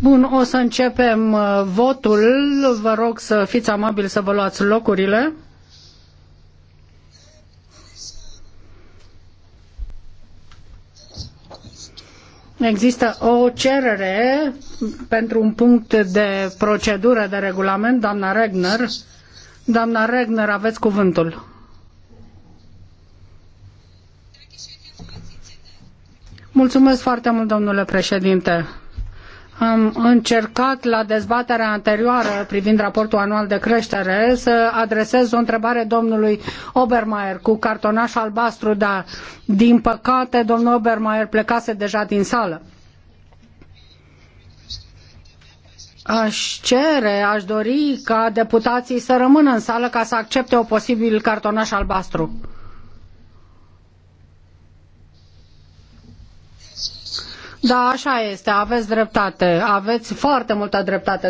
Bun, o să începem uh, votul. Vă rog să fiți amabili să vă luați locurile. Există o cerere pentru un punct de procedură de regulament, doamna Regner. Doamna Regner, aveți cuvântul. Mulțumesc foarte mult, domnule președinte. Am încercat la dezbaterea anterioară privind raportul anual de creștere să adresez o întrebare domnului Obermeier cu cartonaș albastru, dar din păcate domnul Obermeier plecase deja din sală. Aș cere, aș dori ca deputații să rămână în sală ca să accepte o posibil cartonaș albastru. Da, așa este, aveți dreptate, aveți foarte multă dreptate,